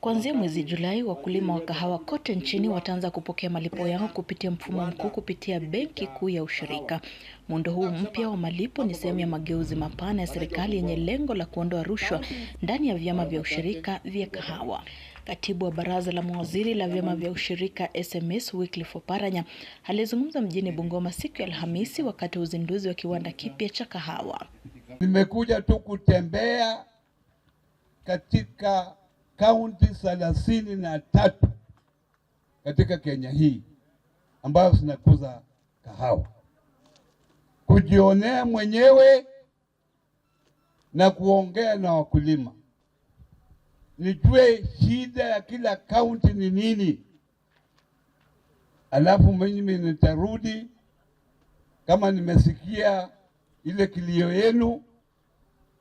Kuanzia mwezi Julai, wakulima wa kahawa kote nchini wataanza kupokea malipo yao kupitia mfumo mkuu kupitia Benki Kuu ya Ushirika. Muundo huu mpya wa malipo ni sehemu ya mageuzi mapana ya serikali yenye lengo la kuondoa rushwa ndani ya vyama vya ushirika vya kahawa. Katibu wa baraza la mawaziri la vyama vya ushirika SMS Wycliffe Oparanya alizungumza mjini Bungoma siku ya Alhamisi wakati wa uzinduzi wa kiwanda kipya cha kahawa. Nimekuja tu kutembea katika kaunti thelathini na tatu katika Kenya hii ambayo zinakuza kahawa. Kujionea mwenyewe na kuongea na wakulima, nijue shida ya kila kaunti ni nini, alafu mimi nitarudi kama nimesikia ile kilio yenu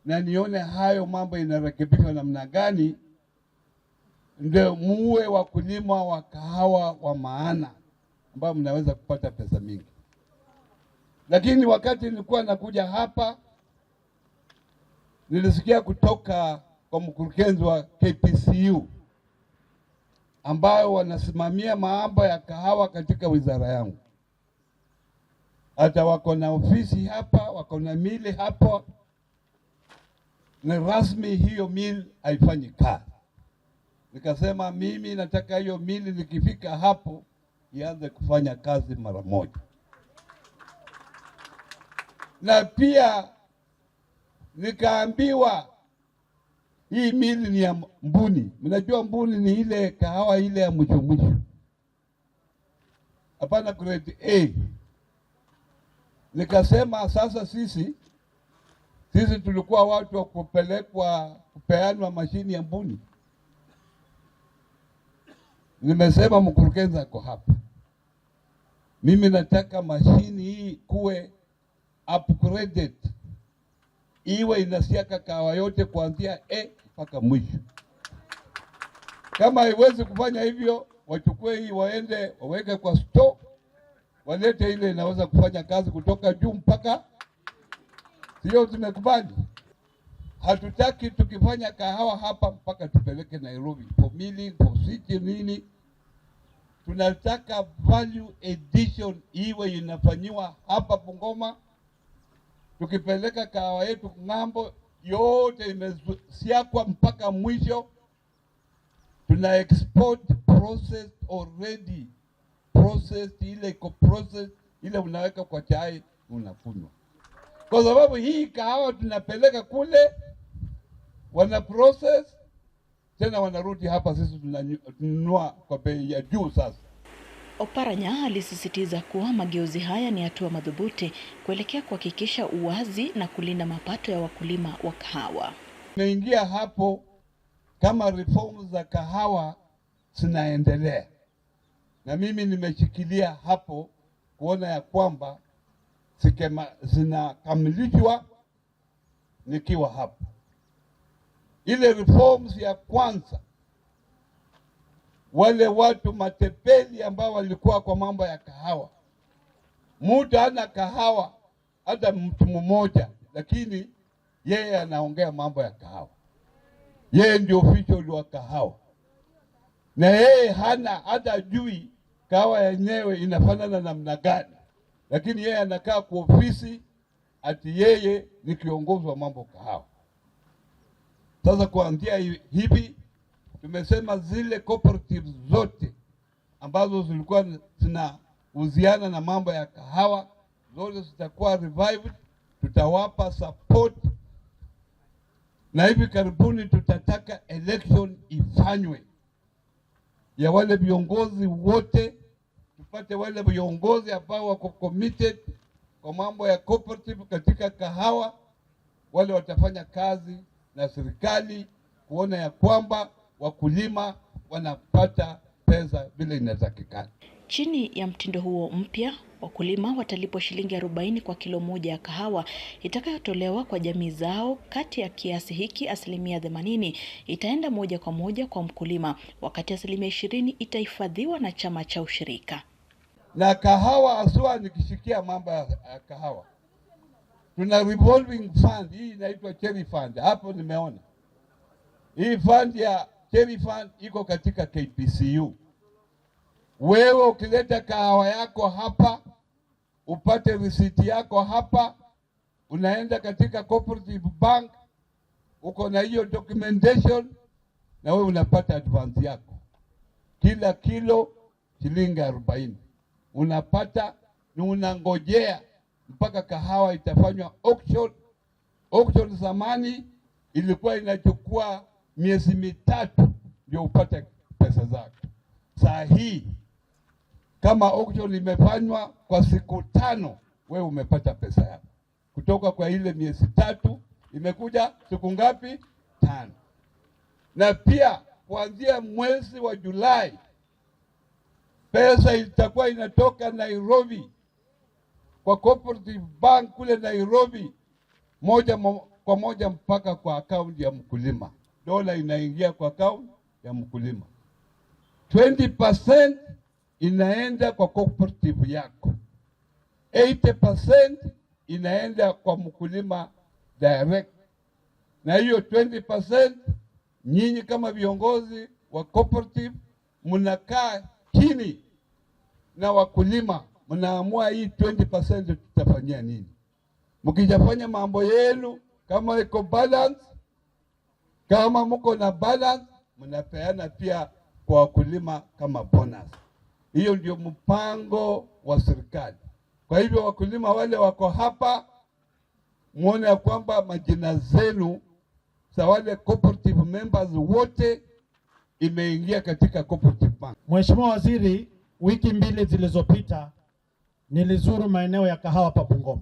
na nione hayo mambo inarekebishwa namna gani ndio muwe wakulima wa kahawa wa maana ambao mnaweza kupata pesa mingi. Lakini wakati nilikuwa nakuja hapa, nilisikia kutoka kwa mkurugenzi wa KPCU ambayo wanasimamia mambo ya kahawa katika wizara yangu. Hata wako na ofisi hapa, wako na mili hapa, ni rasmi hiyo mili haifanyi kazi. Nikasema mimi nataka hiyo mili nikifika hapo ianze kufanya kazi mara moja, na pia nikaambiwa hii mili ni ya Mbuni. Mnajua Mbuni ni ile kahawa ile ya mwisho hapana grade A. Nikasema sasa sisi sisi tulikuwa watu wa kupelekwa kupeanwa mashini ya Mbuni. Nimesema mkurugenzi ako hapa, mimi nataka mashini hii kuwe upgraded, iwe inasiaka kahawa yote kuanzia e mpaka mwisho. Kama haiwezi kufanya hivyo, wachukue hii waende waweke kwa store, walete ile inaweza kufanya kazi kutoka juu mpaka. Sio, tumekubali? Hatutaki tukifanya kahawa hapa mpaka tupeleke Nairobi for milling, for city nini. Tunataka value addition iwe inafanyiwa hapa Bungoma. Tukipeleka kahawa yetu ng'ambo, yote imesiakwa mpaka mwisho. Tuna export process already process, ile iko process ile unaweka kwa chai unakunywa, kwa sababu hii kahawa tunapeleka kule wana process tena wanarudi hapa, sisi tunanunua kwa bei ya juu. Sasa Oparanya alisisitiza kuwa mageuzi haya ni hatua madhubuti kuelekea kuhakikisha uwazi na kulinda mapato ya wakulima wa kahawa. Tumeingia hapo kama reform za kahawa zinaendelea, na mimi nimeshikilia hapo kuona ya kwamba zinakamilishwa nikiwa hapo ile reforms ya kwanza, wale watu matepeli ambao walikuwa kwa mambo ya kahawa, mtu ana kahawa hata mtu mmoja, lakini yeye anaongea mambo ya kahawa, yeye ndio official wa kahawa, na yeye hana hata jui kahawa yenyewe inafanana namna gani, lakini yeye anakaa kwa ofisi ati yeye ni kiongozi wa mambo kahawa. Sasa kuanzia hivi tumesema zile cooperatives zote ambazo zilikuwa zinahusiana na mambo ya kahawa zote zitakuwa revived, tutawapa support na hivi karibuni tutataka election ifanywe ya wale viongozi wote, tupate wale viongozi ambao wako committed kwa mambo ya cooperative katika kahawa, wale watafanya kazi na serikali kuona ya kwamba wakulima wanapata pesa vile inatakikana. Chini ya mtindo huo mpya, wakulima watalipwa shilingi arobaini kwa kilo moja ya kahawa itakayotolewa kwa jamii zao. Kati ya kiasi hiki, asilimia themanini itaenda moja kwa moja kwa mkulima, wakati asilimia ishirini itahifadhiwa na chama cha ushirika. Na kahawa asua, nikishikia mambo ya kahawa tuna revolving fund hii inaitwa cherry fund. Hapo nimeona hii fund ya cherry fund iko katika KPCU. Wewe ukileta kahawa yako hapa upate risiti yako hapa, unaenda katika cooperative bank, uko na hiyo documentation, na wewe unapata advance yako kila kilo shilingi arobaini unapata, ni unangojea mpaka kahawa itafanywa auction. Auction zamani ilikuwa inachukua miezi mitatu ndio upate pesa zako. Saa hii kama auction imefanywa kwa siku tano, wewe umepata pesa yako kutoka kwa ile miezi tatu, imekuja siku ngapi? Tano. Na pia kuanzia mwezi wa Julai pesa itakuwa inatoka Nairobi kwa Cooperative Bank kule Nairobi, moja kwa moja mpaka kwa akaunti ya mkulima. Dola inaingia kwa akaunti ya mkulima, 20% inaenda kwa cooperative yako, 80% inaenda kwa mkulima direct, na hiyo 20% nyinyi kama viongozi wa cooperative mnakaa chini na wakulima mnaamua hii 20% tutafanyia nini. Mkijafanya mambo yenu kama iko balance, kama mko na balance, mnapeana pia kwa wakulima kama bonus. Hiyo ndio mpango wa serikali. Kwa hivyo wakulima wale wako hapa, muone ya kwamba majina zenu za wale cooperative members wote imeingia katika cooperative bank. Mheshimiwa Waziri, wiki mbili zilizopita nilizuru maeneo ya kahawa pa Bungoma,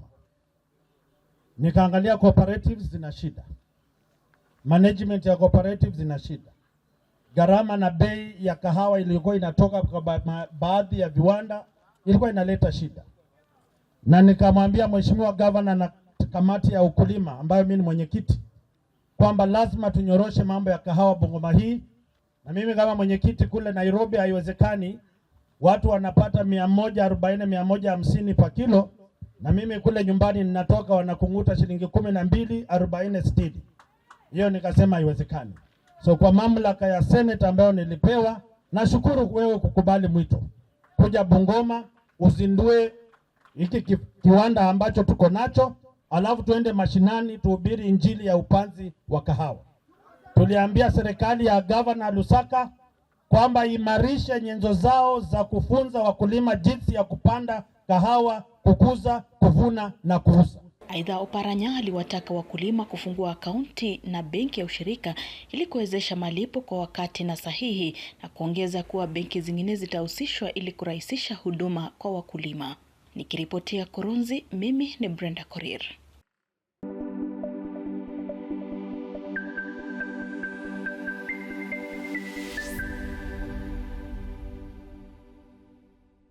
nikaangalia cooperatives zina shida, management ya cooperatives zina shida, gharama na bei ya kahawa iliyokuwa inatoka kwa baadhi ya viwanda ilikuwa inaleta shida, na nikamwambia mheshimiwa gavana na kamati ya ukulima ambayo mimi ni mwenyekiti kwamba lazima tunyoroshe mambo ya kahawa Bungoma hii, na mimi kama mwenyekiti kule Nairobi haiwezekani watu wanapata mia moja arobaini mia moja hamsini kwa kilo, na mimi kule nyumbani ninatoka wanakunguta shilingi kumi na mbili arobaini sitini. Hiyo nikasema haiwezekani. So kwa mamlaka ya seneta ambayo nilipewa, nashukuru wewe kukubali mwito kuja Bungoma uzindue hiki kiwanda ambacho tuko nacho, alafu tuende mashinani tuhubiri injili ya upanzi wa kahawa. Tuliambia serikali ya gavana Lusaka kwamba imarishe nyenzo zao za kufunza wakulima jinsi ya kupanda kahawa, kukuza, kuvuna na kuuza. Aidha, Oparanya aliwataka wakulima kufungua akaunti na benki ya ushirika ili kuwezesha malipo kwa wakati na sahihi, na kuongeza kuwa benki zingine zitahusishwa ili kurahisisha huduma kwa wakulima. Nikiripotia Kurunzi, mimi ni Brenda Korir.